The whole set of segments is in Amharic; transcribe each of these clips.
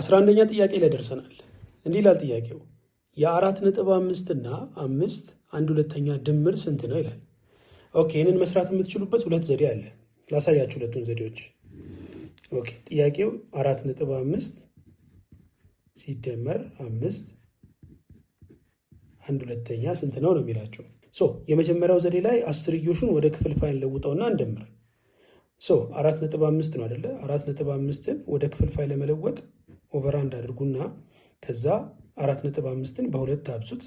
አስራ አንደኛ ጥያቄ ላይ ደርሰናል። እንዲህ ይላል ጥያቄው የአራት ነጥብ አምስት እና አምስት አንድ ሁለተኛ ድምር ስንት ነው ይላል። ኦኬ ይህንን መስራት የምትችሉበት ሁለት ዘዴ አለ። ላሳያችሁ ሁለቱን ዘዴዎች። ኦኬ ጥያቄው አራት ነጥብ አምስት ሲደመር አምስት አንድ ሁለተኛ ስንት ነው ነው የሚላቸው። ሶ የመጀመሪያው ዘዴ ላይ አስርዮሹን ወደ ክፍልፋይ ለውጠውና እንደምር። ሶ አራት ነጥብ አምስት ነው አደለ? አራት ነጥብ አምስትን ወደ ክፍልፋይ ለመለወጥ ኦቨር አንድ አድርጉና ከዛ አራት ነጥብ አምስትን በሁለት አብሱት፣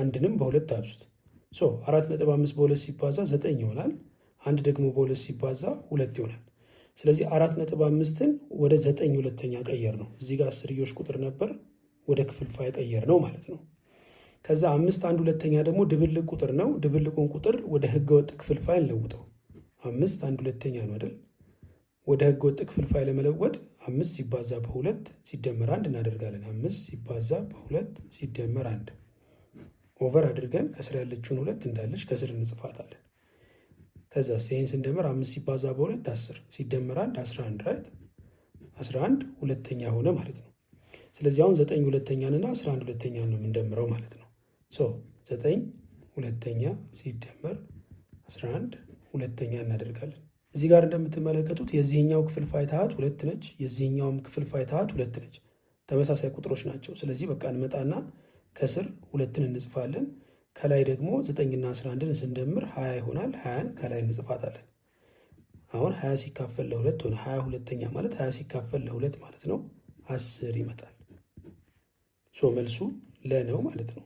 አንድንም በሁለት አብሱት። ሶ አራት ነጥብ አምስት በሁለት ሲባዛ ዘጠኝ ይሆናል። አንድ ደግሞ በሁለት ሲባዛ ሁለት ይሆናል። ስለዚህ አራት ነጥብ አምስትን ወደ ዘጠኝ ሁለተኛ ቀየር ነው። እዚህ ጋር አስርዮሽ ቁጥር ነበር ወደ ክፍልፋይ ቀየር ነው ማለት ነው። ከዛ አምስት አንድ ሁለተኛ ደግሞ ድብልቅ ቁጥር ነው። ድብልቁን ቁጥር ወደ ህገወጥ ክፍልፋይ እንለውጠው። አምስት አንድ ሁለተኛ ነው አይደል? ወደ ህገወጥ ክፍልፋይ ለመለወጥ አምስት ሲባዛ በሁለት ሲደመር አንድ እናደርጋለን። አምስት ሲባዛ በሁለት ሲደመር አንድ ኦቨር አድርገን ከስር ያለችውን ሁለት እንዳለች ከስር እንጽፋታለን። ከዛ ይህን ስንደምር አምስት ሲባዛ በሁለት አስር ሲደመር አንድ አስራ አንድ ራይት አስራ አንድ ሁለተኛ ሆነ ማለት ነው። ስለዚህ አሁን ዘጠኝ ሁለተኛን እና አስራ አንድ ሁለተኛን ነው የምንደምረው ማለት ነው። ሶ ዘጠኝ ሁለተኛ ሲደመር አስራ አንድ ሁለተኛ እናደርጋለን። እዚህ ጋር እንደምትመለከቱት የዚህኛው ክፍልፋይ ታሃት ሁለት ነች፣ የዚህኛውም ክፍልፋይ ታሃት ሁለት ነች። ተመሳሳይ ቁጥሮች ናቸው። ስለዚህ በቃ እንመጣና ከስር ሁለትን እንጽፋለን። ከላይ ደግሞ ዘጠኝና አስራ አንድን ስንደምር ሀያ ይሆናል። ሀያን ከላይ እንጽፋታለን። አሁን ሀያ ሲካፈል ለሁለት ሆነ። ሀያ ሁለተኛ ማለት ሀያ ሲካፈል ለሁለት ማለት ነው። አስር ይመጣል። ሶ መልሱ ለነው ማለት ነው።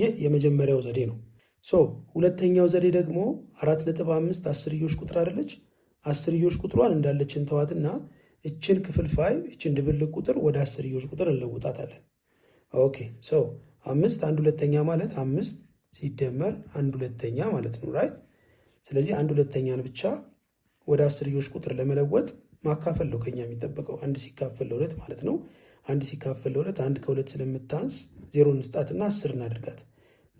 ይህ የመጀመሪያው ዘዴ ነው። ሶ ሁለተኛው ዘዴ ደግሞ አራት ነጥብ አምስት አስርዮሽ ቁጥር አደለች። አስርዮሽ ቁጥሯን እንዳለችን ተዋትና እችን ክፍልፋይ እችን ድብልቅ ቁጥር ወደ አስርዮሽ ቁጥር እንለውጣታለን። ኦኬ ሶ አምስት አንድ ሁለተኛ ማለት አምስት ሲደመር አንድ ሁለተኛ ማለት ነው ራይት። ስለዚህ አንድ ሁለተኛን ብቻ ወደ አስርዮሽ ቁጥር ለመለወጥ ማካፈል ነው ከኛ የሚጠበቀው። አንድ ሲካፈል ለሁለት ማለት ነው። አንድ ሲካፈል ለሁለት አንድ ከሁለት ስለምታንስ ዜሮ እንስጣትና አስር እናድርጋት።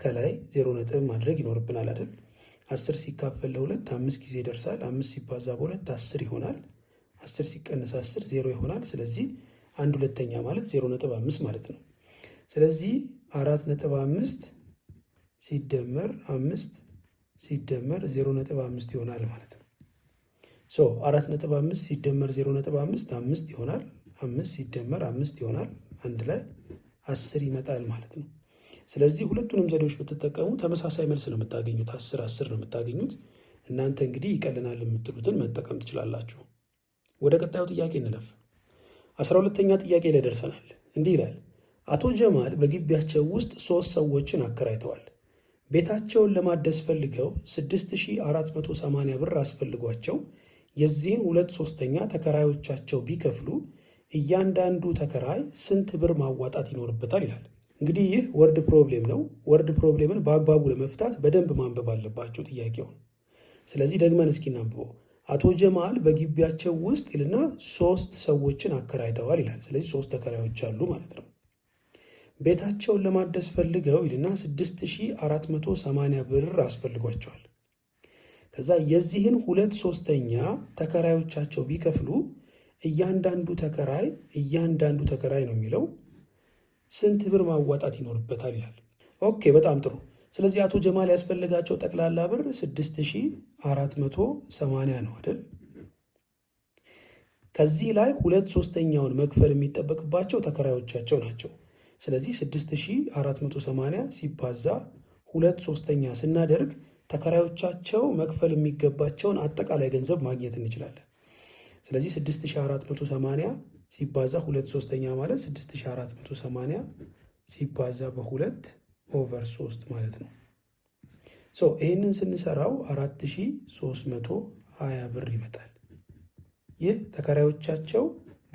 ከላይ ዜሮ ነጥብ ማድረግ ይኖርብናል አይደል? አስር ሲካፈል ለሁለት አምስት ጊዜ ይደርሳል። አምስት ሲባዛ በሁለት አስር ይሆናል። አስር ሲቀነስ አስር ዜሮ ይሆናል። ስለዚህ አንድ ሁለተኛ ማለት ዜሮ ነጥብ አምስት ማለት ነው። ስለዚህ አራት ነጥብ አምስት ሲደመር አምስት ሲደመር ዜሮ ነጥብ አምስት ይሆናል ማለት ነው። ሶ አራት ነጥብ አምስት ሲደመር ዜሮ ነጥብ አምስት አምስት ይሆናል። አምስት ሲደመር አምስት ይሆናል። አንድ ላይ አስር ይመጣል ማለት ነው። ስለዚህ ሁለቱንም ዘዴዎች ብትጠቀሙ ተመሳሳይ መልስ ነው የምታገኙት። አስር አስር ነው የምታገኙት። እናንተ እንግዲህ ይቀልናል የምትሉትን መጠቀም ትችላላችሁ። ወደ ቀጣዩ ጥያቄ እንለፍ። አስራ ሁለተኛ ጥያቄ ላይ ደርሰናል። እንዲህ ይላል አቶ ጀማል በግቢያቸው ውስጥ ሶስት ሰዎችን አከራይተዋል። ቤታቸውን ለማደስ ፈልገው 6480 ብር አስፈልጓቸው የዚህን ሁለት ሶስተኛ ተከራዮቻቸው ቢከፍሉ እያንዳንዱ ተከራይ ስንት ብር ማዋጣት ይኖርበታል? ይላል እንግዲህ ይህ ወርድ ፕሮብሌም ነው። ወርድ ፕሮብሌምን በአግባቡ ለመፍታት በደንብ ማንበብ አለባችሁ ጥያቄውን። ስለዚህ ደግመን እስኪ እናንብበው። አቶ ጀማል በግቢያቸው ውስጥ ይልና ሶስት ሰዎችን አከራይተዋል ይላል። ስለዚህ ሶስት ተከራዮች አሉ ማለት ነው። ቤታቸውን ለማደስ ፈልገው ይልና 6480 ብር አስፈልጓቸዋል። ከዛ የዚህን ሁለት ሶስተኛ ተከራዮቻቸው ቢከፍሉ እያንዳንዱ ተከራይ እያንዳንዱ ተከራይ ነው የሚለው ስንት ብር ማዋጣት ይኖርበታል ይላል። ኦኬ በጣም ጥሩ። ስለዚህ አቶ ጀማል ያስፈልጋቸው ጠቅላላ ብር 6480 ነው አይደል? ከዚህ ላይ ሁለት ሶስተኛውን መክፈል የሚጠበቅባቸው ተከራዮቻቸው ናቸው። ስለዚህ 6480 ሲባዛ ሁለት ሶስተኛ ስናደርግ ተከራዮቻቸው መክፈል የሚገባቸውን አጠቃላይ ገንዘብ ማግኘት እንችላለን። ስለዚህ 6480 ሲባዛ ሁለት ሶስተኛ ማለት 6480 ሲባዛ በሁለት ኦቨር ሶስት ማለት ነው። ሶ ይህንን ስንሰራው 4320 ብር ይመጣል። ይህ ተከራዮቻቸው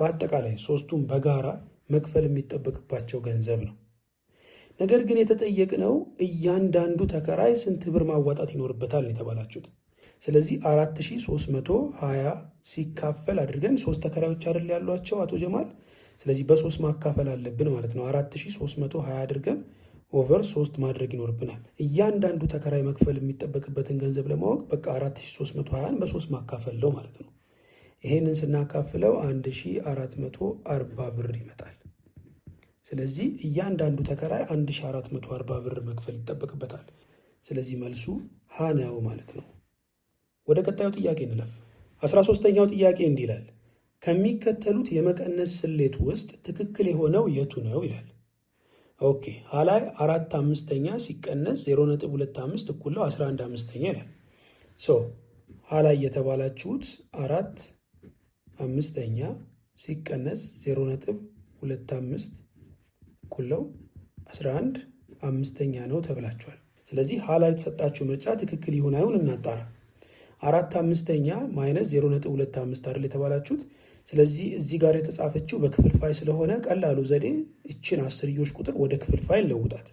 በአጠቃላይ ሶስቱም በጋራ መክፈል የሚጠበቅባቸው ገንዘብ ነው። ነገር ግን የተጠየቅነው እያንዳንዱ ተከራይ ስንት ብር ማዋጣት ይኖርበታል የተባላችሁት። ስለዚህ 4320 ሲካፈል አድርገን ሶስት ተከራዮች አይደል ያሏቸው አቶ ጀማል። ስለዚህ በሶስት ማካፈል አለብን ማለት ነው። 4320 አድርገን ኦቨር ሶስት ማድረግ ይኖርብናል። እያንዳንዱ ተከራይ መክፈል የሚጠበቅበትን ገንዘብ ለማወቅ በቃ 4320ን በሶስት ማካፈል ነው ማለት ነው። ይሄንን ስናካፍለው 1440 ብር ይመጣል። ስለዚህ እያንዳንዱ ተከራይ 1440 ብር መክፈል ይጠበቅበታል። ስለዚህ መልሱ ሀ ነው ማለት ነው። ወደ ቀጣዩ ጥያቄ እንለፍ። አስራ ሶስተኛው ጥያቄ እንዲህ ይላል፣ ከሚከተሉት የመቀነስ ስሌት ውስጥ ትክክል የሆነው የቱ ነው ይላል። ኦኬ ሀላይ አራት አምስተኛ ሲቀነስ 0.25 እኩል ነው 11 አምስተኛ ይላል። ሶ ሀላይ የተባላችሁት አራት አምስተኛ ሲቀነስ 0.25 እኩል ነው 11 አምስተኛ ነው ተብላችኋል። ስለዚህ ሀላይ የተሰጣችሁ ምርጫ ትክክል ይሆን አይሁን እናጣራ። አራት አምስተኛ ማይነስ 0.25 አይደል የተባላችሁት? ስለዚህ እዚህ ጋር የተጻፈችው በክፍልፋይ ስለሆነ ቀላሉ ዘዴ እችን አስርዮሽ ቁጥር ወደ ክፍልፋይ ለውጣት።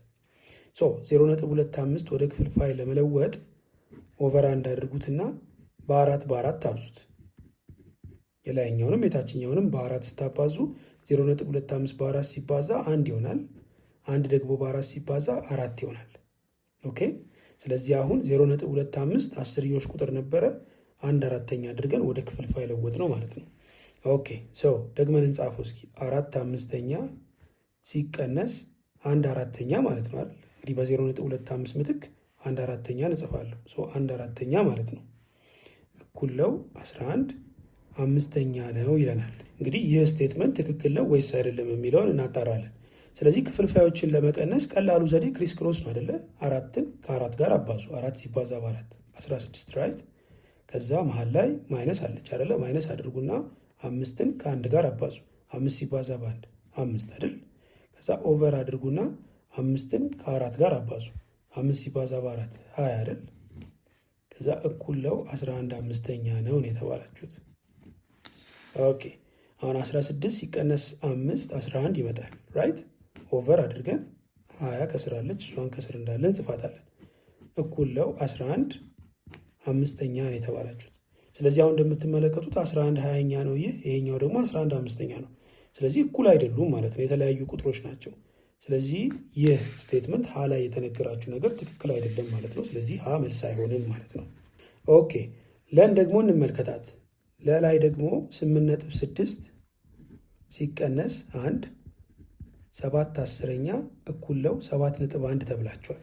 ሶ 0.25 ወደ ክፍልፋይ ለመለወጥ ኦቨር አንድ አድርጉትና በአራት በአራት አብዙት። የላይኛውንም የታችኛውንም በአራት ስታባዙ 0.25 በአራት ሲባዛ አንድ ይሆናል። አንድ ደግሞ በአራት ሲባዛ አራት ይሆናል። ኦኬ ስለዚህ አሁን 0.25 አስርዮሽ ቁጥር ነበረ አንድ አራተኛ አድርገን ወደ ክፍልፋይ ለወጥ ነው ማለት ነው። ኦኬ ሰው ደግመን እንጻፈው እስኪ አራት አምስተኛ ሲቀነስ አንድ አራተኛ ማለት ነው አይደል? እንግዲህ በ0.25 ምትክ አንድ አራተኛ እንጽፋለሁ። አንድ አራተኛ ማለት ነው እኩለው 11 አምስተኛ ነው ይለናል። እንግዲህ ይህ ስቴትመንት ትክክል ነው ወይስ አይደለም የሚለውን እናጣራለን። ስለዚህ ክፍልፋዮችን ለመቀነስ ቀላሉ ዘዴ ክሪስ ክሮስ ነው አደለ? አራትን ከአራት ጋር አባዙ። አራት ሲባዛ በአራት 16 ራይት። ከዛ መሀል ላይ ማይነስ አለች አደለ? ማይነስ አድርጉና አምስትን ከአንድ ጋር አባዙ። አምስት ሲባዛ በአንድ አምስት አይደል? ከዛ ኦቨር አድርጉና አምስትን ከአራት ጋር አባዙ። አምስት ሲባዛ በአራት ሀያ አይደል? ከዛ እኩል ለው 11 አምስተኛ ነው የተባላችሁት። ኦኬ አሁን 16 ሲቀነስ አምስት 11 ይመጣል ራይት ኦቨር አድርገን ሀያ ከስር አለች እሷን ከስር እንዳለ እንጽፋታለን። እኩል ለው 11 አምስተኛ ነው የተባላችሁት። ስለዚህ አሁን እንደምትመለከቱት 11 ሀያኛ ነው ይህ ይሄኛው ደግሞ 11 አምስተኛ ነው። ስለዚህ እኩል አይደሉም ማለት ነው፣ የተለያዩ ቁጥሮች ናቸው። ስለዚህ ይህ ስቴትመንት ሀ ላይ የተነገራችሁ ነገር ትክክል አይደለም ማለት ነው። ስለዚህ ሀ መልስ አይሆንም ማለት ነው። ኦኬ ለን ደግሞ እንመልከታት። ለላይ ደግሞ 8 ነጥብ 6 ሲቀነስ አንድ ሰባት አስረኛ እኩል ለው ሰባት ነጥብ አንድ ተብላችኋል።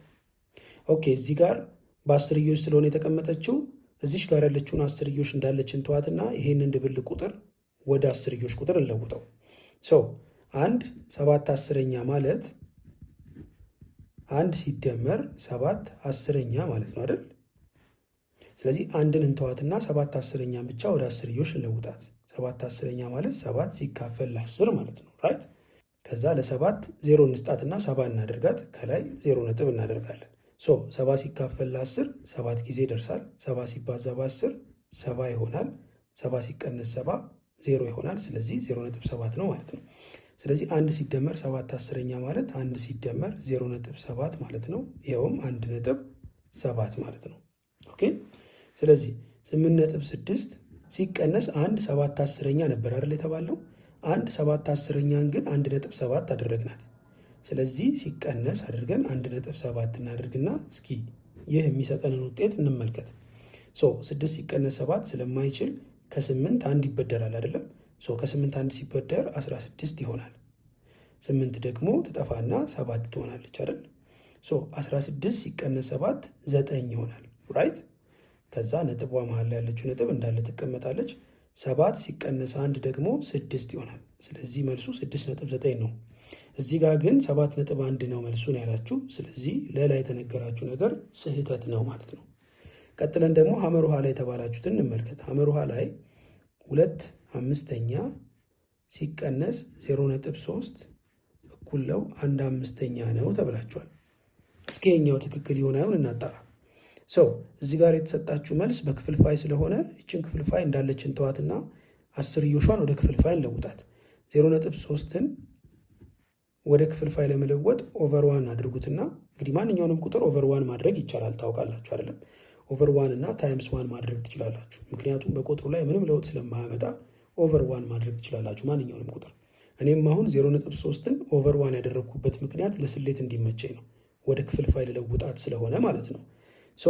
ኦኬ እዚህ ጋር በአስርዮች ስለሆነ የተቀመጠችው እዚሽ ጋር ያለችውን አስርዮሽ እንዳለችን ተዋትና ይሄንን ድብል ቁጥር ወደ አስርዮሽ ቁጥር እንለውጠው። ሰው አንድ ሰባት አስረኛ ማለት አንድ ሲደመር ሰባት አስረኛ ማለት ነው አይደል? ስለዚህ አንድን እንተዋትና ሰባት አስረኛ ብቻ ወደ አስርዮች እንለውጣት። ሰባት አስረኛ ማለት ሰባት ሲካፈል ለአስር ማለት ነው ራይት ከዛ ለሰባት ዜሮ እንስጣትና ሰባ እናደርጋት ከላይ ዜሮ ነጥብ እናደርጋለን። ሶ ሰባ ሲካፈል ለአስር ሰባት ጊዜ ይደርሳል። ሰባ ሲባዛ በአስር ሰባ ይሆናል። ሰባ ሲቀነስ ሰባ ዜሮ ይሆናል። ስለዚህ ዜሮ ነጥብ ሰባት ነው ማለት ነው። ስለዚህ አንድ ሲደመር ሰባት አስረኛ ማለት አንድ ሲደመር ዜሮ ነጥብ ሰባት ማለት ነው። ይኸውም አንድ ነጥብ ሰባት ማለት ነው። ኦኬ ስለዚህ ስምንት ነጥብ ስድስት ሲቀነስ አንድ ሰባት አስረኛ ነበር አይደል የተባለው አንድ ሰባት አስረኛን ግን አንድ ነጥብ ሰባት አደረግናት። ስለዚህ ሲቀነስ አድርገን አንድ ነጥብ ሰባት እናደርግና እስኪ ይህ የሚሰጠንን ውጤት እንመልከት። ሶ ስድስት ሲቀነስ ሰባት ስለማይችል ከስምንት አንድ ይበደራል አይደለም? ሶ ከስምንት አንድ ሲበደር አስራ ስድስት ይሆናል። ስምንት ደግሞ ትጠፋና ሰባት ትሆናለች አይደል? ሶ አስራ ስድስት ሲቀነስ ሰባት ዘጠኝ ይሆናል ራይት። ከዛ ነጥቧ መሀል ላይ ያለችው ነጥብ እንዳለ ትቀመጣለች። ሰባት ሲቀነስ አንድ ደግሞ ስድስት ይሆናል። ስለዚህ መልሱ ስድስት ነጥብ ዘጠኝ ነው። እዚህ ጋር ግን ሰባት ነጥብ አንድ ነው መልሱን ያላችሁ። ስለዚህ ለላ የተነገራችሁ ነገር ስህተት ነው ማለት ነው። ቀጥለን ደግሞ ሀመር ውሃ ላይ የተባላችሁትን እንመልከት። ሀመር ውሃ ላይ ሁለት አምስተኛ ሲቀነስ ዜሮ ነጥብ ሶስት እኩል አንድ አምስተኛ ነው ተብላችኋል። እስኪ የኛው ትክክል ይሆን አይሆን እናጣራ። ሰው እዚህ ጋር የተሰጣችሁ መልስ በክፍልፋይ ስለሆነ ይችን ክፍልፋይ እንዳለችን ተዋትና አስርዮሿን ወደ ክፍልፋይ እንለውጣት። ዜሮ ነጥብ ሶስትን ወደ ክፍልፋይ ለመለወጥ ኦቨር ዋን አድርጉትና እንግዲህ ማንኛውንም ቁጥር ኦቨር ዋን ማድረግ ይቻላል። ታውቃላችሁ አይደለም? ኦቨር ዋን እና ታይምስ ዋን ማድረግ ትችላላችሁ። ምክንያቱም በቁጥሩ ላይ ምንም ለውጥ ስለማያመጣ ኦቨር ዋን ማድረግ ትችላላችሁ ማንኛውንም ቁጥር። እኔም አሁን ዜሮ ነጥብ ሶስትን ኦቨር ዋን ያደረግኩበት ምክንያት ለስሌት እንዲመቸኝ ነው። ወደ ክፍልፋይ ልለውጣት ስለሆነ ማለት ነው። ሶ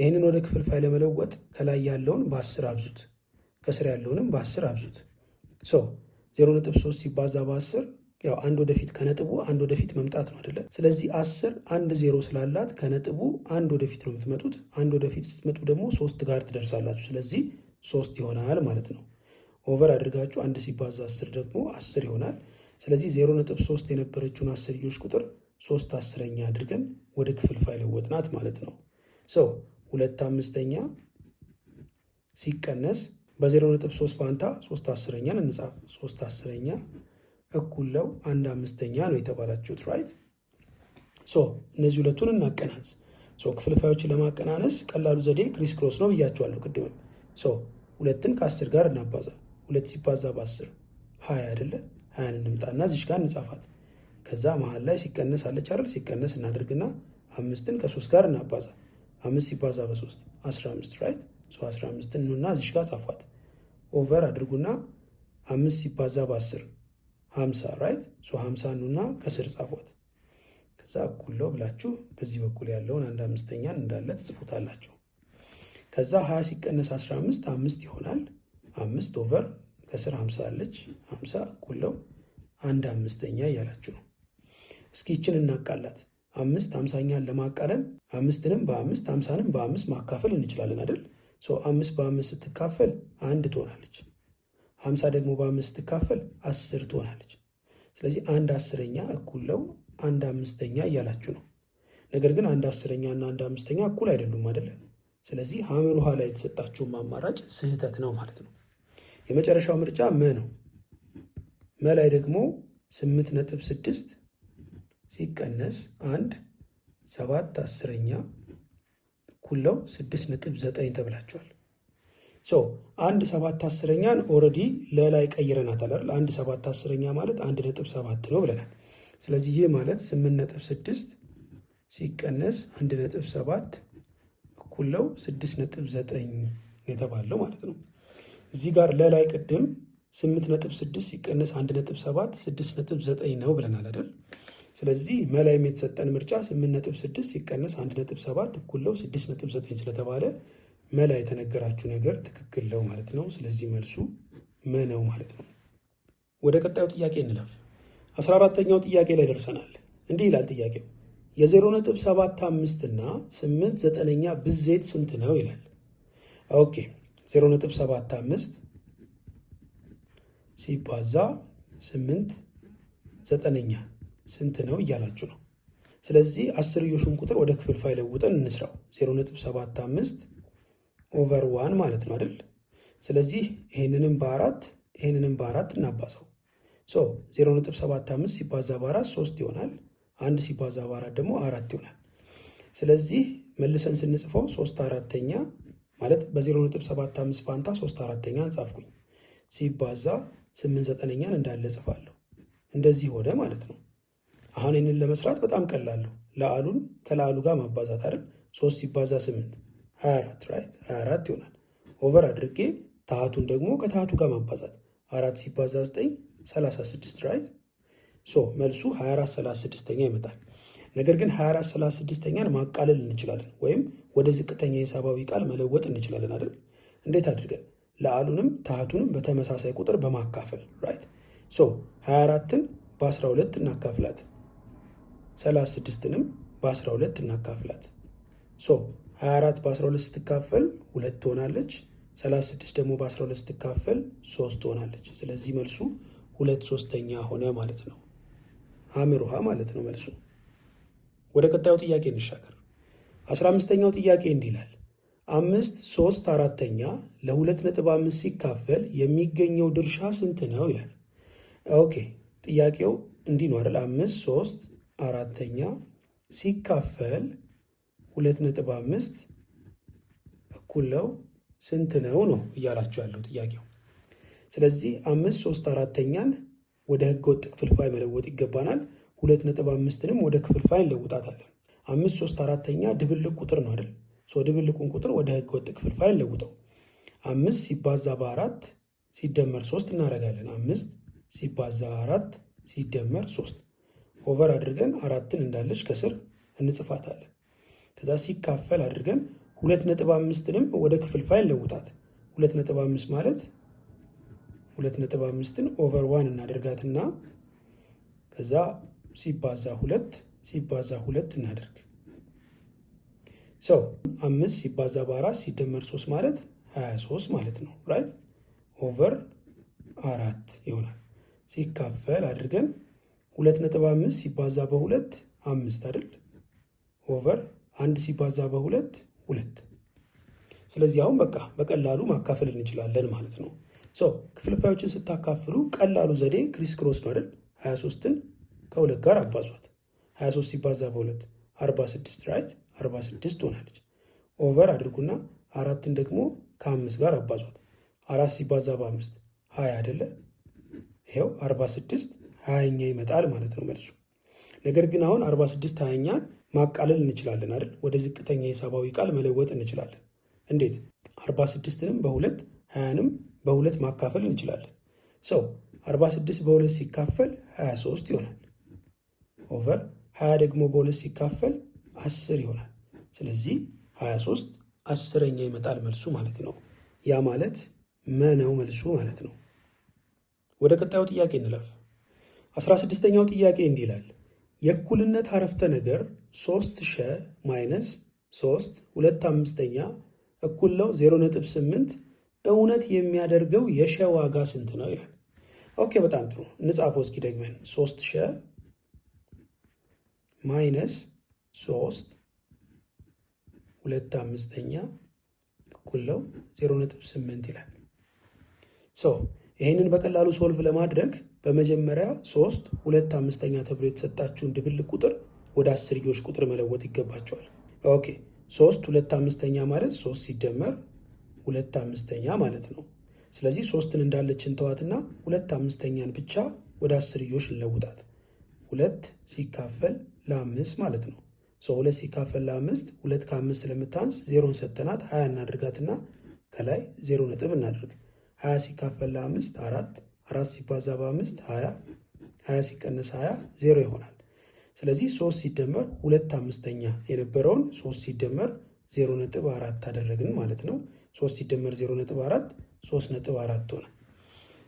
ይህንን ወደ ክፍልፋይ ለመለወጥ ከላይ ያለውን በአስር አብዙት፣ ከስር ያለውንም በአስር አብዙት። ሶ ዜሮ ነጥብ ሶስት ሲባዛ በአስር ያው አንድ ወደፊት ከነጥቡ አንድ ወደፊት መምጣት ነው አደለ? ስለዚህ አስር አንድ ዜሮ ስላላት ከነጥቡ አንድ ወደፊት ነው የምትመጡት። አንድ ወደፊት ስትመጡ ደግሞ ሶስት ጋር ትደርሳላችሁ። ስለዚህ ሶስት ይሆናል ማለት ነው። ኦቨር አድርጋችሁ አንድ ሲባዛ አስር ደግሞ አስር ይሆናል። ስለዚህ ዜሮ ነጥብ ሶስት የነበረችውን አስርዮሽ ቁጥር ሶስት አስረኛ አድርገን ወደ ክፍልፋይ ለወጥናት ማለት ነው። ሰው ሁለት አምስተኛ ሲቀነስ በዜሮ ነጥብ ሶስት ፋንታ ሶስት አስረኛን እንጻፍ። ሶስት አስረኛ አንድ አምስተኛ ነው የተባላችሁት ራይት። ሶ እነዚህ ሁለቱን እናቀናንስ። ሶ ክፍልፋዮችን ለማቀናነስ ቀላሉ ዘዴ ክሪስ ክሮስ ነው ብያቸዋለሁ ቅድምም። ሶ ሁለትን ከአስር ጋር እናባዛ። ሁለት ሲባዛ በአስር ሀያ አይደለ? ሀያን እንምጣና እዚች ጋር እንጻፋት። ከዛ መሀል ላይ ሲቀነስ አለች አይደል? ሲቀነስ እናደርግና አምስትን ከሶስት ጋር እናባዛ አምስት ሲባዛ በሶስት 15 ራይት ሶ 15 እና እዚሽ ጋር ጻፏት ኦቨር አድርጉና አምስት ሲባዛ በአስር ሀምሳ ራይት ሶ 50 ኑና ከስር ጻፏት። ከዛ እኩል ብላችሁ በዚህ በኩል ያለውን አንድ አምስተኛን እንዳለ ትጽፉታላችሁ። ከዛ ሀያ ሲቀነስ 15 አምስት ይሆናል። አምስት ኦቨር ከስር ሀምሳ አለች ሀምሳ እኩል አንድ አምስተኛ እያላችሁ ነው። እስኪ ይችን እናቃላት። አምስት አምሳኛን ለማቃለል አምስትንም በአምስት አምሳንም በአምስት ማካፈል እንችላለን አይደል? አምስት በአምስት ስትካፈል አንድ ትሆናለች። ሀምሳ ደግሞ በአምስት ስትካፈል አስር ትሆናለች። ስለዚህ አንድ አስረኛ እኩል ነው አንድ አምስተኛ እያላችሁ ነው። ነገር ግን አንድ አስረኛ እና አንድ አምስተኛ እኩል አይደሉም አይደለም። ስለዚህ ሐመር ውሃ ላይ የተሰጣችሁ አማራጭ ስህተት ነው ማለት ነው። የመጨረሻው ምርጫ መ ነው። መ ላይ ደግሞ ስምንት ነጥብ ስድስት ሲቀነስ አንድ ሰባት አስረኛ ኩለው ስድስት ነጥብ ዘጠኝ ተብላችኋል። ሶ አንድ ሰባት አስረኛን ኦልሬዲ ለላይ ቀይረናታል አይደል? አንድ ሰባት አስረኛ ማለት አንድ ነጥብ ሰባት ነው ብለናል። ስለዚህ ይህ ማለት ስምንት ነጥብ ስድስት ሲቀነስ አንድ ነጥብ ሰባት እኩለው ስድስት ነጥብ ዘጠኝ የተባለው ማለት ነው። እዚህ ጋር ለላይ ቅድም ስምንት ነጥብ ስድስት ሲቀነስ አንድ ነጥብ ሰባት ስድስት ነጥብ ዘጠኝ ነው ብለናል አይደል? ስለዚህ መላይም የተሰጠን ምርጫ 8.6 ሲቀነስ 1.7 እኩል ነው 6.9 ስለተባለ መላ የተነገራችሁ ነገር ትክክል ነው ማለት ነው። ስለዚህ መልሱ መነው ማለት ነው። ወደ ቀጣዩ ጥያቄ እንለፍ። 14ተኛው ጥያቄ ላይ ደርሰናል። እንዲህ ይላል ጥያቄው የ0.75 እና 8 ዘጠነኛ ብዜት ስንት ነው ይላል። ኦኬ 0.75 ሲባዛ 8 ዘጠነኛ ስንት ነው እያላችሁ ነው። ስለዚህ አስርዮሹን ቁጥር ወደ ክፍልፋይ ለውጠን እንስራው። 0.75 ኦቨር ዋን ማለት ነው አይደል? ስለዚህ ይህንንም በአራት ይህንንም በአራት እናባዛው። 0.75 ሲባዛ በአራት ሶስት ይሆናል። አንድ ሲባዛ በአራት ደግሞ አራት ይሆናል። ስለዚህ መልሰን ስንጽፈው ሶስት አራተኛ ማለት በ0.75 ፋንታ ሶስት አራተኛ እንጻፍኩኝ ሲባዛ ስምንት ዘጠነኛን እንዳለ ጽፋለሁ። እንደዚህ ሆነ ማለት ነው። አሁን ይህንን ለመስራት በጣም ቀላሉ ለአሉን ከለአሉ ጋር ማባዛት አይደል? ሶስት ሲባዛ ስምንት ሀያ አራት ራይት ሀያ አራት ይሆናል። ኦቨር አድርጌ ታሃቱን ደግሞ ከታሃቱ ጋር ማባዛት አራት ሲባዛ ዘጠኝ ሰላሳ ስድስት ራይት ሶ መልሱ 24 36 ይመጣል። ነገር ግን 24 36ኛን ማቃለል እንችላለን ወይም ወደ ዝቅተኛ ሂሳባዊ ቃል መለወጥ እንችላለን አይደል? እንዴት አድርገን ለአሉንም ታሃቱንም በተመሳሳይ ቁጥር በማካፈል ራይት ሶ 24ን በ12 እናካፍላት። 36ንም በ12 እናካፍላት። ሶ 24 በ12 ስትካፈል ሁለት ትሆናለች። 36 ደግሞ በ12 ስትካፈል 3 ትሆናለች። ስለዚህ መልሱ ሁለት ሶስተኛ ሆነ ማለት ነው። አምር ውሃ ማለት ነው መልሱ። ወደ ቀጣዩ ጥያቄ እንሻገር። 15ኛው ጥያቄ እንዲህ ይላል አምስት ሶስት አራተኛ ለሁለት ነጥብ አምስት ሲካፈል የሚገኘው ድርሻ ስንት ነው ይላል። ኦኬ ጥያቄው እንዲህ ነው አይደል? አምስት ሶስት አራተኛ ሲካፈል ሁለት ነጥብ አምስት እኩል ነው ስንት ነው ነው እያላችሁ ያለው ጥያቄው። ስለዚህ አምስት ሶስት አራተኛን ወደ ህገ ወጥ ክፍልፋይ መለወጥ ይገባናል። ሁለት ነጥብ አምስትንም ወደ ክፍልፋይ እንለውጣታለን። አምስት ሶስት አራተኛ ድብልቅ ቁጥር ነው አይደል? ሶ ድብልቁን ቁጥር ወደ ወጥ ክፍልፋይ እንለውጠው። አምስት ሲባዛ በአራት ሲደመር ሶስት እናደርጋለን። አምስት ሲባዛ አራት ሲደመር ሶስት ኦቨር አድርገን አራትን እንዳለች ከስር እንጽፋታለን። ከዛ ሲካፈል አድርገን ሁለት ነጥብ አምስትንም ወደ ክፍልፋይ ለውጣት። ሁለት ነጥብ አምስት ማለት ሁለት ነጥብ አምስትን ኦቨር ዋን እናደርጋትና ከዛ ሲባዛ ሁለት ሲባዛ ሁለት እናደርግ ሰው አምስት ሲባዛ በአራት ሲደመር ሶስት ማለት ሀያ ሶስት ማለት ነው። ራይት ኦቨር አራት ይሆናል ሲካፈል አድርገን ሁለት ነጥብ አምስት ሲባዛ በሁለት አምስት አይደል ኦቨር አንድ ሲባዛ በሁለት ሁለት። ስለዚህ አሁን በቃ በቀላሉ ማካፈል እንችላለን ማለት ነው። ሰው ክፍልፋዮችን ስታካፍሉ ቀላሉ ዘዴ ክሪስ ክሮስ ነው አይደል 23ን ከሁለት ጋር አባዟት 23 ሲባዛ በሁለት 46 ራይት 46 ትሆናለች። ኦቨር አድርጉና አራትን ደግሞ ከአምስት ጋር አባዟት አራት ሲባዛ በአምስት 20 አይደለ ይኸው 46 ሀያኛ ይመጣል ማለት ነው መልሱ። ነገር ግን አሁን 46 ሀያኛን ማቃለል እንችላለን አይደል? ወደ ዝቅተኛ ሂሳባዊ ቃል መለወጥ እንችላለን። እንዴት? 46ንም በሁለት ሀያንም በሁለት ማካፈል እንችላለን። ሰው 46 በሁለት ሲካፈል 23 ይሆናል። ኦቨር 20 ደግሞ በሁለት ሲካፈል 10 ይሆናል። ስለዚህ 23 አስረኛ ይመጣል መልሱ ማለት ነው። ያ ማለት መነው መልሱ ማለት ነው። ወደ ቀጣዩ ጥያቄ እንለፍ። አስራ ስድስተኛው ጥያቄ እንዲህ ይላል የእኩልነት አረፍተ ነገር ሶስት ሸ ማይነስ ሶስት ሁለት አምስተኛ እኩል ነው ዜሮ ነጥብ ስምንት እውነት የሚያደርገው የሸ ዋጋ ስንት ነው ይላል። ኦኬ በጣም ጥሩ ንጻፎ እስኪ ደግመን ሶስት ሸ ማይነስ ሶስት ሁለት አምስተኛ እኩል ነው ዜሮ ነጥብ ስምንት ይላል። ይህንን በቀላሉ ሶልቭ ለማድረግ በመጀመሪያ ሶስት ሁለት አምስተኛ ተብሎ የተሰጣችሁን ድብልቅ ቁጥር ወደ አስርዮሽ ቁጥር መለወጥ ይገባቸዋል። ኦኬ ሶስት ሁለት አምስተኛ ማለት ሶስት ሲደመር ሁለት አምስተኛ ማለት ነው። ስለዚህ ሶስትን እንዳለችን ተዋትና ሁለት አምስተኛን ብቻ ወደ አስርዮሽ እንለውጣት። ሁለት ሲካፈል ለአምስት ማለት ነው። ሁለት ሲካፈል ለአምስት ሁለት ከአምስት ስለምታንስ ዜሮን ሰተናት ሀያ እናድርጋትና ከላይ ዜሮ ነጥብ እናድርግ ሀያ ሲካፈል ለአምስት አራት አራት ሲባዛ በአምስት ሀያ ሀያ ሲቀነስ ሀያ ዜሮ ይሆናል። ስለዚህ ሶስት ሲደመር ሁለት አምስተኛ የነበረውን ሶስት ሲደመር ዜሮ ነጥብ አራት አደረግን ማለት ነው። ሶስት ሲደመር ዜሮ ነጥብ አራት ሶስት ነጥብ አራት ሆነ።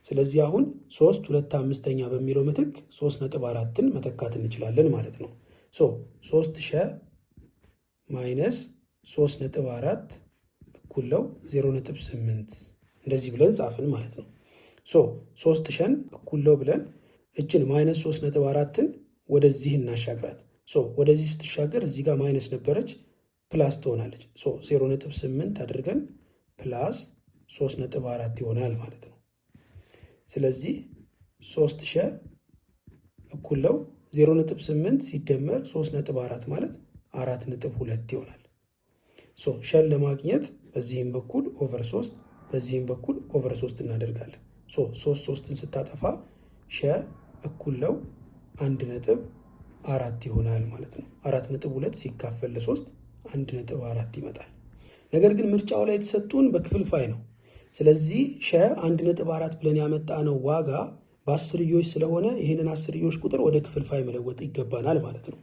ስለዚህ አሁን ሶስት ሁለት አምስተኛ በሚለው ምትክ ሶስት ነጥብ አራትን መተካት እንችላለን ማለት ነው። ሶ ሶስት ሸ ማይነስ ሶስት ነጥብ አራት እኩል ዜሮ ነጥብ ስምንት እንደዚህ ብለን ጻፍን ማለት ነው። ሶ ሶስት ሸን እኩል ነው ብለን እችን ማይነስ ሶስት ነጥብ አራትን ወደዚህ እናሻግራት። ሶ ወደዚህ ስትሻገር እዚህ ጋር ማይነስ ነበረች ፕላስ ትሆናለች። ሶ ዜሮ ነጥብ ስምንት አድርገን ፕላስ ሶስት ነጥብ አራት ይሆናል ማለት ነው። ስለዚህ ሶስት ሸ እኩል ነው ዜሮ ነጥብ ስምንት ሲደመር ሶስት ነጥብ አራት ማለት አራት ነጥብ ሁለት ይሆናል። ሶ ሸን ለማግኘት በዚህም በኩል ኦቨር ሶስት በዚህም በኩል ኦቨር ሶስት እናደርጋለን። ሶስት ሶስትን ስታጠፋ ሸ ለው አንድ ነጥብ አራት ይሆናል ማለት ነው። አራት ነጥብ ሁለት ሲካፈል ለሶስት አንድ ነጥብ አራት ይመጣል። ነገር ግን ምርጫው ላይ የተሰጡን በክፍልፋይ ነው። ስለዚህ ሸ አንድ ነጥብ አራት ብለን ያመጣ ነው ዋጋ በአስርዮሽ ስለሆነ ይህንን አስርዮሽ ቁጥር ወደ ክፍልፋይ መለወጥ ይገባናል ማለት ነው።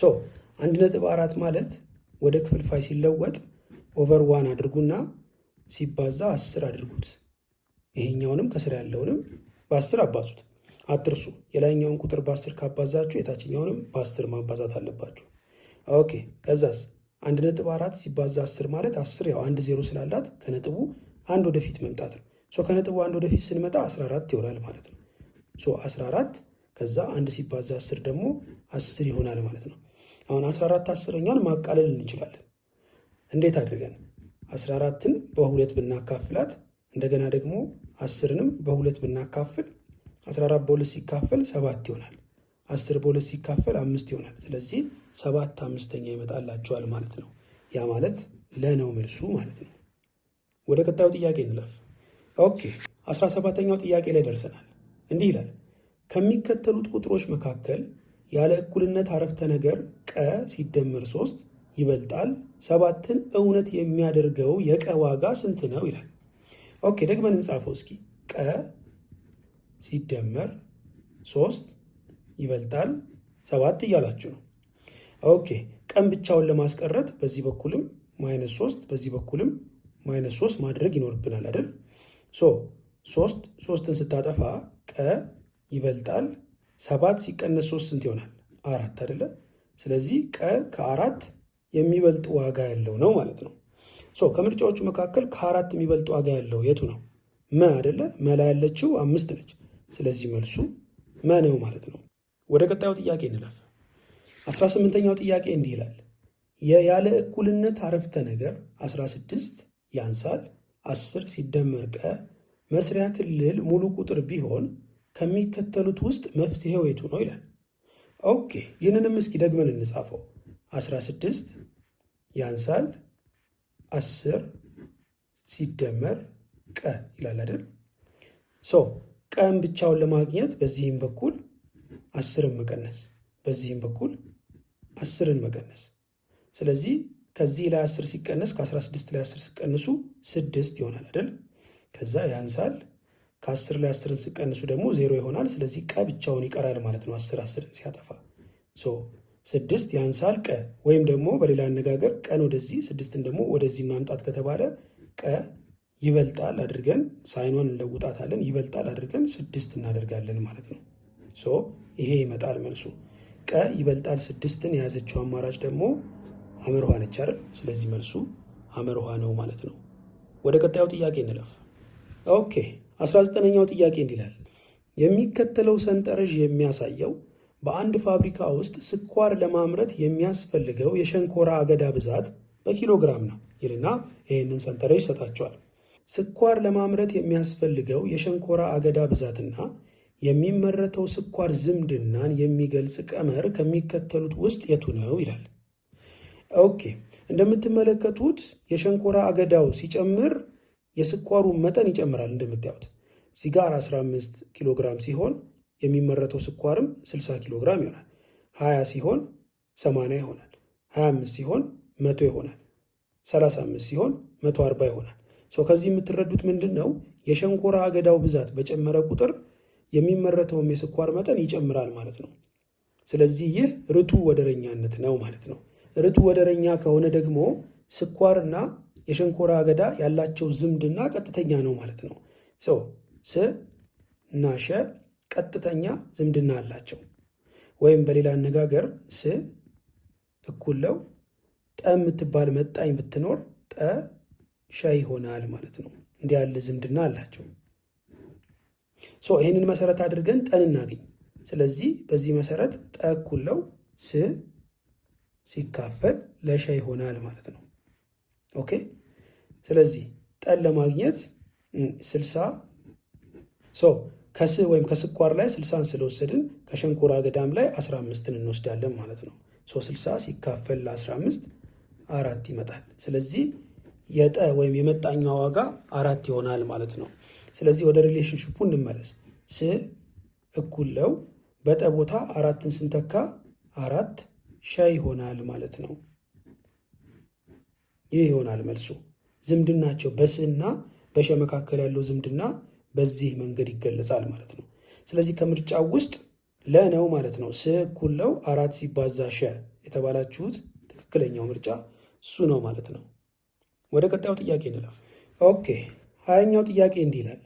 ሶ አንድ ነጥብ አራት ማለት ወደ ክፍልፋይ ሲለወጥ ኦቨር ዋን አድርጉና ሲባዛ አስር አድርጉት። ይሄኛውንም ከስር ያለውንም በአስር አባዙት። አትርሱ፣ የላይኛውን ቁጥር በአስር ካባዛችሁ የታችኛውንም በአስር ማባዛት አለባችሁ። ኦኬ ከዛስ አንድ ነጥብ አራት ሲባዛ አስር ማለት አስር ያው አንድ ዜሮ ስላላት ከነጥቡ አንድ ወደፊት መምጣት ነው። ሶ ከነጥቡ አንድ ወደፊት ስንመጣ 14 ይሆናል ማለት ነው። ሶ 14 ከዛ አንድ ሲባዛ አስር ደግሞ አስር ይሆናል ማለት ነው። አሁን 14 አስረኛን ማቃለል እንችላለን። እንዴት አድርገን 14ን በሁለት ብናካፍላት እንደገና ደግሞ 10ንም በሁለት ብናካፍል 14 በሁለት ሲካፈል ሰባት ይሆናል። 10 በሁለት ሲካፈል አምስት ይሆናል። ስለዚህ ሰባት አምስተኛ ይመጣላቸዋል ማለት ነው። ያ ማለት ለነው መልሱ ማለት ነው። ወደ ቀጣዩ ጥያቄ እንለፍ። ኦኬ 17ኛው ጥያቄ ላይ ደርሰናል። እንዲህ ይላል ከሚከተሉት ቁጥሮች መካከል ያለ እኩልነት አረፍተ ነገር ቀ ሲደመር ሶስት ይበልጣል። ሰባትን እውነት የሚያደርገው የቀ ዋጋ ስንት ነው ይላል። ኦኬ ደግመን እንጻፈው እስኪ ቀ ሲደመር ሶስት ይበልጣል ሰባት እያላችሁ ነው። ኦኬ ቀን ብቻውን ለማስቀረት በዚህ በኩልም ማይነስ ሶስት በዚህ በኩልም ማይነስ ሶስት ማድረግ ይኖርብናል አይደል? ሶ ሶስት ሶስትን ስታጠፋ ቀ ይበልጣል ሰባት ሲቀነስ ሶስት ስንት ይሆናል? አራት አይደለ? ስለዚህ ቀ ከአራት የሚበልጥ ዋጋ ያለው ነው ማለት ነው። ሶ ከምርጫዎቹ መካከል ከአራት የሚበልጥ ዋጋ ያለው የቱ ነው? መ አደለ? መላ ያለችው አምስት ነች። ስለዚህ መልሱ መ ነው ማለት ነው። ወደ ቀጣዩ ጥያቄ እንለፍ። አስራ ስምንተኛው ጥያቄ እንዲህ ይላል ያለ እኩልነት አረፍተ ነገር 16 ያንሳል 10 ሲደመር ቀ መስሪያ ክልል ሙሉ ቁጥር ቢሆን ከሚከተሉት ውስጥ መፍትሄው የቱ ነው ይላል። ኦኬ ይህንንም እስኪ ደግመን እንጻፈው። አስራ ስድስት ያንሳል አስር ሲደመር ቀ ይላል አይደል? ሶ ቀን ብቻውን ለማግኘት በዚህም በኩል አስርን መቀነስ በዚህም በኩል አስርን መቀነስ። ስለዚህ ከዚህ ላይ አስር ሲቀነስ ከአስራ ስድስት ላይ አስር ሲቀንሱ ስድስት ይሆናል አይደል? ከዛ ያንሳል ከአስር ላይ አስርን ሲቀንሱ ደግሞ ዜሮ ይሆናል። ስለዚህ ቀ ብቻውን ይቀራል ማለት ነው አስር አስርን ሲያጠፋ ስድስት ያንሳል ቀ ወይም ደግሞ በሌላ አነጋገር ቀን ወደዚህ ስድስትን ደግሞ ወደዚህ ማምጣት ከተባለ ቀ ይበልጣል አድርገን ሳይኗን እንለውጣታለን። ይበልጣል አድርገን ስድስት እናደርጋለን ማለት ነው። ሶ ይሄ ይመጣል መልሱ። ቀ ይበልጣል ስድስትን የያዘችው አማራጭ ደግሞ አመርሃ ነች አይደል? ስለዚህ መልሱ አመርሃ ነው ማለት ነው። ወደ ቀጣዩ ጥያቄ እንለፍ። ኦኬ 19ኛው ጥያቄ እንዲላል የሚከተለው ሰንጠረዥ የሚያሳየው በአንድ ፋብሪካ ውስጥ ስኳር ለማምረት የሚያስፈልገው የሸንኮራ አገዳ ብዛት በኪሎግራም ነው ይልና ይህንን ሰንጠረዥ ይሰጣቸዋል። ስኳር ለማምረት የሚያስፈልገው የሸንኮራ አገዳ ብዛትና የሚመረተው ስኳር ዝምድናን የሚገልጽ ቀመር ከሚከተሉት ውስጥ የቱ ነው ይላል። ኦኬ እንደምትመለከቱት የሸንኮራ አገዳው ሲጨምር የስኳሩ መጠን ይጨምራል። እንደምታዩት ሲጋር ጋር 15 ኪሎ ግራም ሲሆን የሚመረተው ስኳርም 60 ኪሎ ግራም ይሆናል። 20 ሲሆን 80 ይሆናል። 25 ሲሆን 100 ይሆናል። 35 ሲሆን 140 ይሆናል። ሶ ከዚህ የምትረዱት ምንድን ነው? የሸንኮራ አገዳው ብዛት በጨመረ ቁጥር የሚመረተውም የስኳር መጠን ይጨምራል ማለት ነው። ስለዚህ ይህ ርቱ ወደረኛነት ነው ማለት ነው። ርቱ ወደረኛ ከሆነ ደግሞ ስኳርና የሸንኮራ አገዳ ያላቸው ዝምድና ቀጥተኛ ነው ማለት ነው። ሰው ስ እና ሸ ቀጥተኛ ዝምድና አላቸው። ወይም በሌላ አነጋገር ስ እኩለው ጠ የምትባል መጣኝ ብትኖር ጠ ሸ ይሆናል ማለት ነው። እንዲህ ያለ ዝምድና አላቸው። ሶ ይህንን መሰረት አድርገን ጠን እናገኝ። ስለዚህ በዚህ መሰረት ጠ እኩለው ስ ሲካፈል ለሸ ይሆናል ማለት ነው። ኦኬ ስለዚህ ጠን ለማግኘት ስልሳ ሶ ከስ ወይም ከስኳር ላይ ስልሳን ስለወሰድን ከሸንኮራ አገዳም ላይ 15ን እንወስዳለን ማለት ነው። ሶ 60 ሲካፈል ለ15 አራት ይመጣል። ስለዚህ የጠ ወይም የመጣኛ ዋጋ አራት ይሆናል ማለት ነው። ስለዚህ ወደ ሪሌሽንሽፑ እንመለስ። ስ እኩል ለው በጠ ቦታ አራትን ስንተካ አራት ሸ ይሆናል ማለት ነው። ይህ ይሆናል መልሱ። ዝምድናቸው በስና በሸ መካከል ያለው ዝምድና በዚህ መንገድ ይገለጻል ማለት ነው። ስለዚህ ከምርጫው ውስጥ ለነው ማለት ነው። ስ እኩል ለው አራት ሲባዛ ሸ የተባላችሁት ትክክለኛው ምርጫ እሱ ነው ማለት ነው። ወደ ቀጣዩ ጥያቄ እንለፍ። ኦኬ ሀያኛው ጥያቄ እንዲህ ይላል።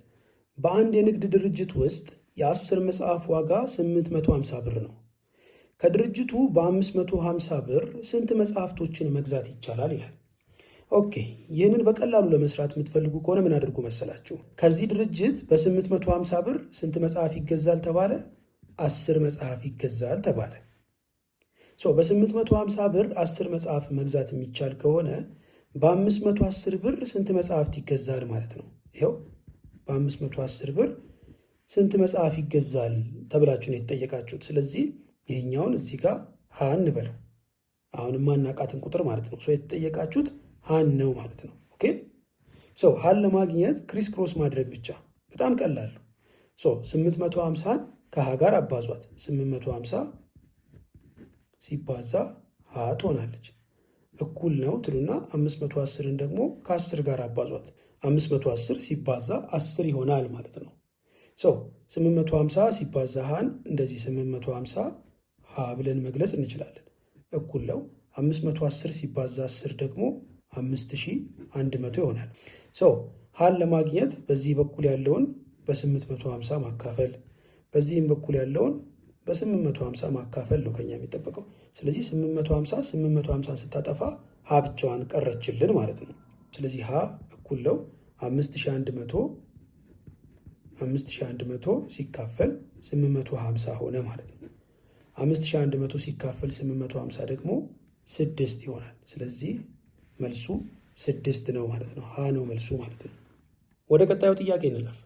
በአንድ የንግድ ድርጅት ውስጥ የአስር መጽሐፍ ዋጋ 850 ብር ነው። ከድርጅቱ በ550 ብር ስንት መጽሐፍቶችን መግዛት ይቻላል ይላል። ኦኬ ይህንን በቀላሉ ለመስራት የምትፈልጉ ከሆነ ምን አድርጉ መሰላችሁ? ከዚህ ድርጅት በ850 ብር ስንት መጽሐፍ ይገዛል ተባለ? አስር መጽሐፍ ይገዛል ተባለ። በ850 ብር አስር መጽሐፍ መግዛት የሚቻል ከሆነ በ510 ብር ስንት መጽሐፍት ይገዛል ማለት ነው። ይኸው በ510 ብር ስንት መጽሐፍ ይገዛል ተብላችሁ ነው የተጠየቃችሁት። ስለዚህ ይህኛውን እዚህ ጋር ሀ እንበለው አሁን ማናቃትን ቁጥር ማለት ነው የተጠየቃችሁት ሃን ነው ማለት ነው። ኦኬ ሶ ሀን ለማግኘት ክሪስ ክሮስ ማድረግ ብቻ በጣም ቀላሉ። ሶ 850 ከሃ ጋር አባዟት። 850 ሲባዛ ሀ ትሆናለች። እኩል ነው ትሉና 510ን ደግሞ ከ10 ጋር አባዟት። 510 ሲባዛ 10 ይሆናል ማለት ነው። ሶ 850 ሲባዛ ሀን እንደዚህ 850 ሃ ብለን መግለጽ እንችላለን። እኩል ነው 510 ሲባዛ 10 ደግሞ አምስሺ1መቶ ይሆናል። ሰው ሀል ለማግኘት በዚህ በኩል ያለውን በ850 ማካፈል በዚህም በኩል ያለውን በ850 ማካፈል ነው ከኛ የሚጠበቀው። ስለዚህ 850 850 ስታጠፋ ሀ ብቻዋን ቀረችልን ማለት ነው። ስለዚህ ሀ እኩል ነው 5100 5100 ሲካፈል 850 ሆነ ማለት ነው። 5100 ሲካፈል 850 ደግሞ ስድስት ይሆናል። ስለዚህ መልሱ ስድስት ነው ማለት ነው። ሀ ነው መልሱ ማለት ነው። ወደ ቀጣዩ ጥያቄ እንለፍ።